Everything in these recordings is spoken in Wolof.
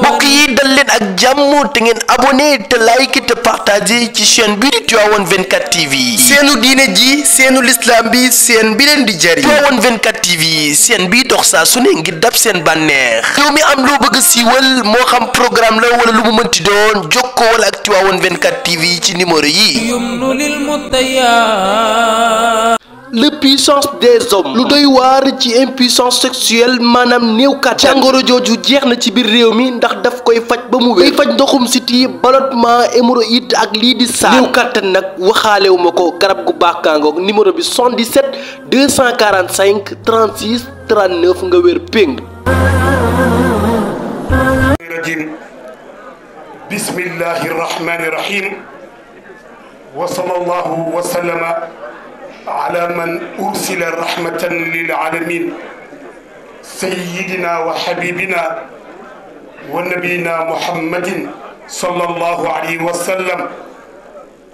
mbokk yi dal leen ak jàmm te ngeen abonné te like te partagé ci chaîne bi di Tivaouane 24 TV seenu diine ji seenu lislaam bi seen bi leen di jëriñ Tivaouane 24 TV seen bi dox saa su ngir dab seen bànneex xew mi am loo bëgg a siiwal moo xam programme la wala lu mu mënti doon jokkoo wala ak Tivaouane 24 TV ci numéro yi l'impuissance des hommes lu doy waar ci impuissance sexuelle maanaam néew kàttan jàngoro jooju jeex na ci biir réew mi ndax daf koy faj ba mu wér doxum faj ndoxum siti it ak lii di saa néew nag waxaalewuma ko garab gu baax kàngoog numéro bi 77 245 36 39 nga wér péng rajim bismillahi على من أرسل رحمة للعالمين سيدنا وحبيبنا ونبينا محمد صلى الله عليه وسلم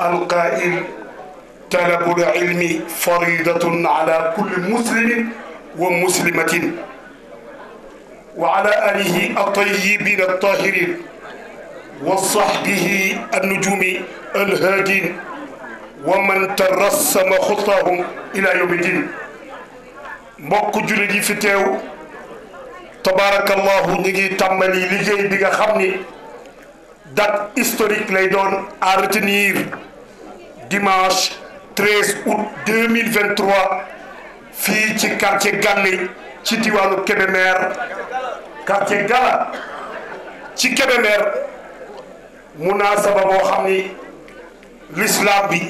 القائل طلب العلم فريضة على كل مسلم ومسلمة وعلى آله الطيبين الطاهرين وصحبه النجوم الهادين ومن ترسم خطاهم إلى يوم الدين mbokk jullit yi fi teew tabarakallahu ñu ngi tàmbali liggéey bi nga xam ni date historique lay doon à retenir dimanche 13 août 2023 fii ci quartier Galle ci diwaanu Kébémer quartier Gala ci Kébémer munaasaba boo xam ni l'islam bi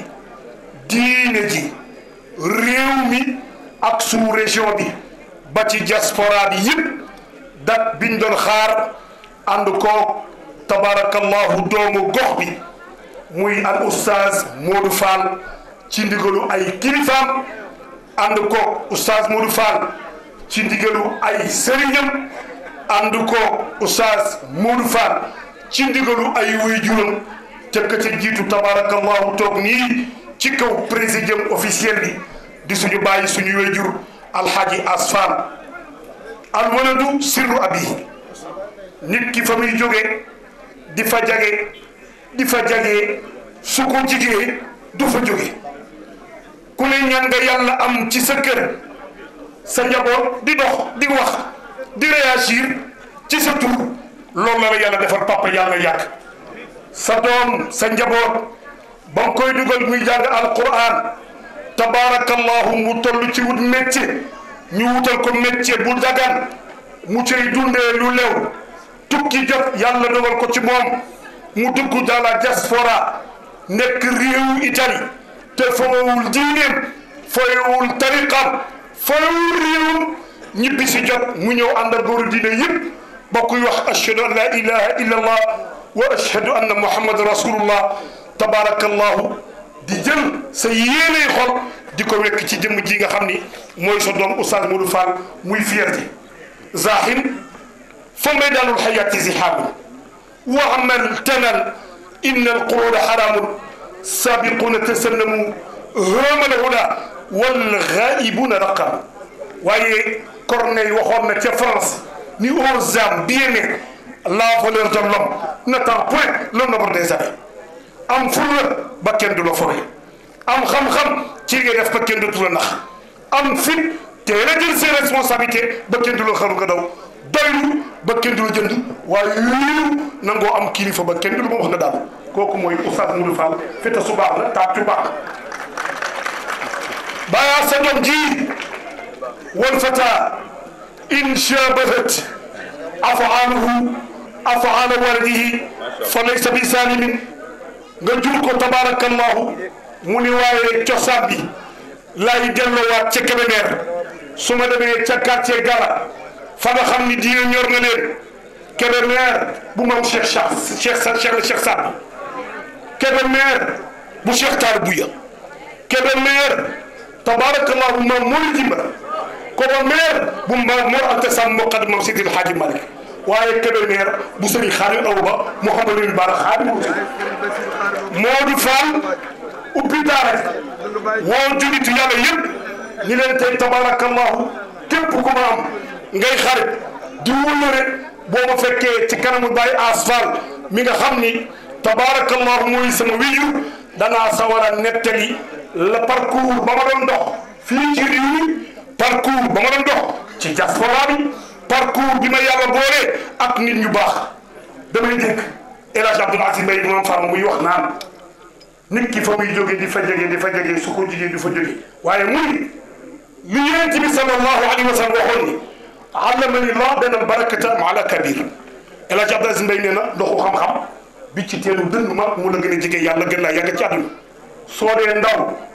diine ji réew mi ak sous région bi ba ci diaspora bi yëpp dat biñ doon xaar ànd ko tabarakallahu doomu gox bi muy al oustaz Modou Fall ci ndigalu ay kilifaam ànd ko oustaz Modou Fall ay sëriñam ànd ko oustaz Modou Fall ay waajuram ca ka jiitu tabarakallahu toog nii ci kaw présidium officiel bi di suñu bàyyi suñu wéjur alxaaji asfan alwaladu sirru abi nit ki fa muy jóge di fa jage di fa jagee su ko jigee du fa jóge ku ne ñaan nga yàlla am ci sa kër sa njaboot di dox di wax di réagir ci sa tur loolu la la yàlla defar papa yàlla yàgg sa doom sa njaboot ba mu koy dugal muy jàng alquran tabaarakallahu mu toll ci wut métier ñu wutal ko métier bu dagan mu cay dundee lu lew tukki jot yàlla dogal ko ci moom mu dugg dans la diaspora nekk réewu Italie te foyowul diineem foyowul tariqam foyowul réewum ñibbi si jot mu ñëw ànd ak góoru diine yëpp ba kuy wax ashhadu an la ilaha illa allah wa ashhadu anna muhammad rasulullah tabarakallahu di jël sa yéeney xol di ko wekk ci jëmm ji nga xam ni mooy sa doom Oustaz Modou Fall muy fierté zahin fa maydaanul xayaati zihaabun wa amal tanal inna alquruda xaraamun sabiquuna tasallamu hëmal huda wal ghaibuna raqam waaye Corneille waxoon na ca France ni aux âmes bien nées la valeur de l'homme n'attend point le nombre des années am fulu ba kenn du la foree am xam-xam ci li ngay def ba kenn du la nax am fit té a jël ses responsabilités ba kenn du la xaru nga daw doylu ba kenn du la jënd waye ñu nango am kilifa ba kenn du ma wax na daal kooku mooy Oustaz Modou Fall fete suba baax la taat yu baax bàyyaa sa dom ji wal fata in shabahat afaaluhu afaala walidihi fa laysa bi salimin nga jur ko tabaarakallaahu mu ni waaye cosaan bi laay delloowaat ca Kébémer su ma demee ca quartier Gala fa nga xam ni diine ñor na leen Kébémer bu maam Cheikh Cheikh ma Cheikh Saad Kébémer bu Cheikh Taar Buya Kébémer tabaarakallaahu bu maam Mori Dimba Kébémer bu maam Mor Anta Sam moqat maam Sidil Haaji Malik waaye Kébémer bu sëriñ Xaadim Awa Ba Mouhamadou Bara Xaadim Modou Fall ubbi daara woo julitu yàlla yëpp ñu leen tey tabarakallahu képp ku ma am ngay xarit di wóllëre boo ma fekkee ci kanamu Baye Ass Fall mi nga xam ni tabarakallahu mooy sama wiyu danaa sawar a nettali la parcours ba ma doon dox fii ci réew mi ba ma doon ci diaspora bi parcours ma yàlla boole ak nit ñu baax damay El Hadj Abdoul Aziz Mbaye moom femme muy wax naan nit ki fa muy jógee di fa jógee di fa jógee su waaye muy li yonent bi sallallahu alayhi wa sallam waxoon ni allamani llah benn barakata maala kabir El Hadj Abdoul Aziz Mbaye na bi ci teelu dënn mu la gën a jege yàlla gën laa yàgg ci àdduna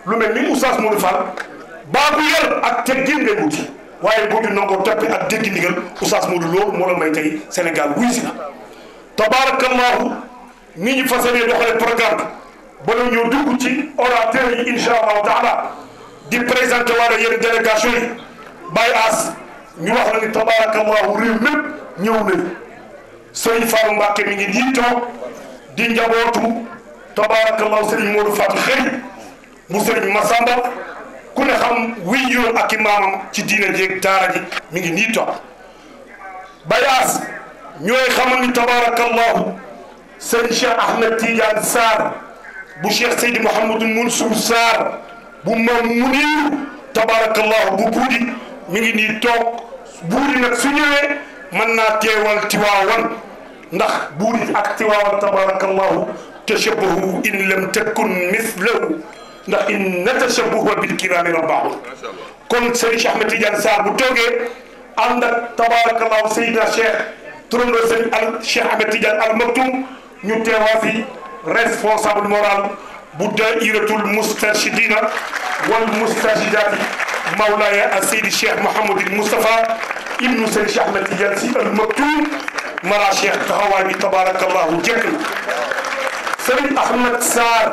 lu mel ni Oustaz Modou Fall baabu yar ak teggin ngay wuti waaye boobu nangoo toppi ak dégg ndigal Oustaz Modou loolu moo la may tey Sénégal wuy si tabaarakallaahu ni ñu fas yéene programme bi ñu dugg ci orateur yi taala di présenté waale yéen délégation yi As ñu wax la ni tabaarakallaahu réew mépp ñëw nañu Serigne Fallou Mbacké mi ngi nii toog di njabootu mu Serigne Massamba ku ne xam wii yoon ak i ci diine jéeg taara ji mi ngi nii ñoy xamal ni allah seigne Cheikh Ahmed Tidiane sar bu Cheikh Seydi mohammed mounsou sar bu mom mu tabarak allah bu budi mi ngi ni tok budi nak su ñëwee mën naa teewal tiwaawan ndax budi ak tabarak allah tashabahu in lam takun mislahu ndax in tashabuha bil kirami rabbaahu kon sëñ Cheikh Ahmed Tidiane sar bu toge ànd tabarak allah Seydina Cheikh ترون سيد الشيخ احمد تيجان المكتوم نيو في ريسبونسابل مورال بودا ايرتو المستشدين والمستشدات مولاي السيد الشيخ محمد المصطفى ابن سيد الشيخ احمد تيجان المكتوم مرا شيخ تهواني تبارك الله جكل سيد احمد سار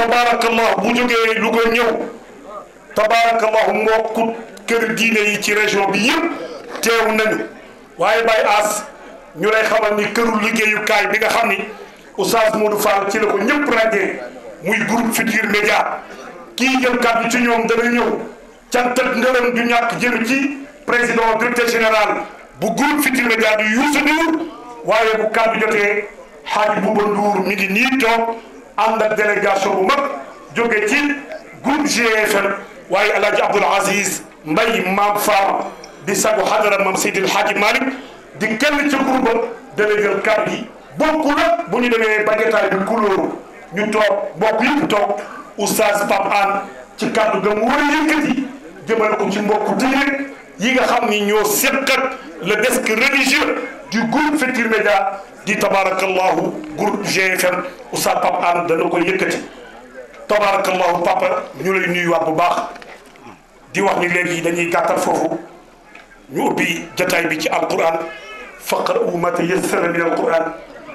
تبارك الله بوجوغي لوغو نيو تبارك الله موكو كير ديني تي ريجون بي تيو نانيو waaye Baye As ñu lay xamal ni këru liggéeyukaay bi nga xam ni Oustaz Modou Fall ci la ko ñëpp ràññee muy groupe Futurs média ki jël kàddu ci ñoom dana ñëw cant ak ngërëm du ñàkk jëlu ci président directeur général bu groupe Futurs Médias di Youssou Ndour waaye bu kàddu jotee Hadj Bouba Ndour mi ngi nii toog ànd ak délégation bu mag jóge ci groupe GFM waaye El Hadj Aziz Mbaye Mame Fall. di sagu hadara mam Seydil Hadji malik di kenn ci groupe dana jël kàddu gi bokkul ak bu ñu demee bagetaay bi kulóoru ñu toog bokk yëpp toog oustaz Pape Hann ci kàddu ga mu war a yëkkati jëmale ko ci mbokku tëjee yi nga xam ni ñoo seq le desk religieux du groupe Futurs média di tabarakallah groupe GFM oustaz Pape Hann dana ko yëkkati tabarakallah papa ñu lay nuyuwaat bu baax di wax ni léegi dañuy gàttal foofu. ñu ubbi jataay bi ci alquran faqra'u ma tayassara min alquran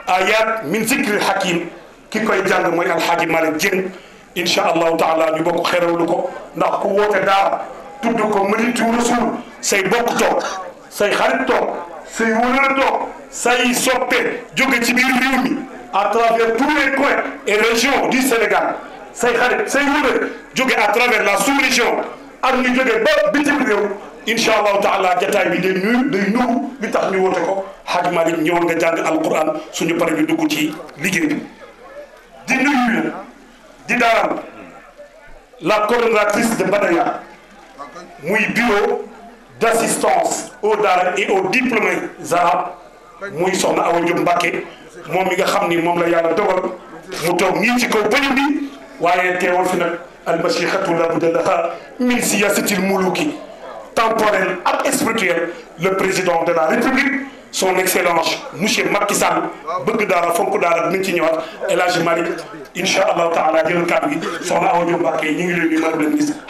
ayat min zikril hakim ki koy jàng mooy alxaaji Malick Dieng incha allahu taala ñu bokk xerawlu ko ndax ku woote daara tudd ko Madinatu Rasul say bokk toog say xarit toog say wóolal toog say soppe jóge ci biir réew mi à travers tous les coins et régions du Sénégal say xarit say wóolal jóge à travers la sous-région ak ñu jóge ba bitim réew inshallah taala bi day nuyu day tax ko nga suñu ñu ci la coordonnatrice de Badaya muy bureau d'assistance aux et au diplômés arabes muy soxna Awa Diop moom nga xam ni la yàlla dogal mu toog nii ci kaw bëñ bi waaye teewal muluki temporel et spirituel le président de la république son excellence monsieur Macky Sall bëgg daara et la dinañ ci ñëwaat El Hadj Malick taala jëlal kàddu le ministre.